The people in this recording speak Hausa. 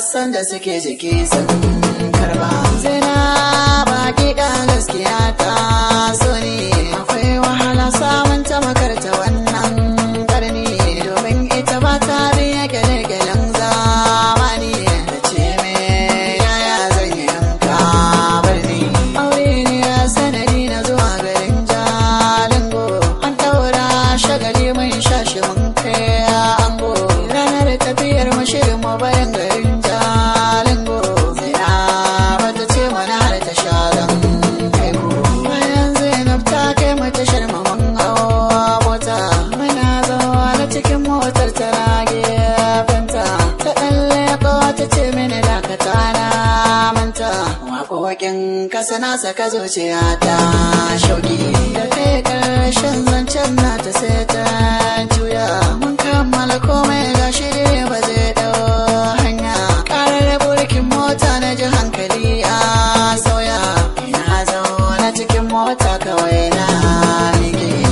san da suke jikinsa. tana gefenta ta ɗalle ta mini dakata na manta waƙoƙin kasa na saka zuciya ta shauƙi da kai ƙarshen zancen na ta sai ta juya mun kammala komai ga shirye ba zai ɗau hanya ƙarar burkin mota na ji hankali a sauya na zauna cikin mota kawai na miƙe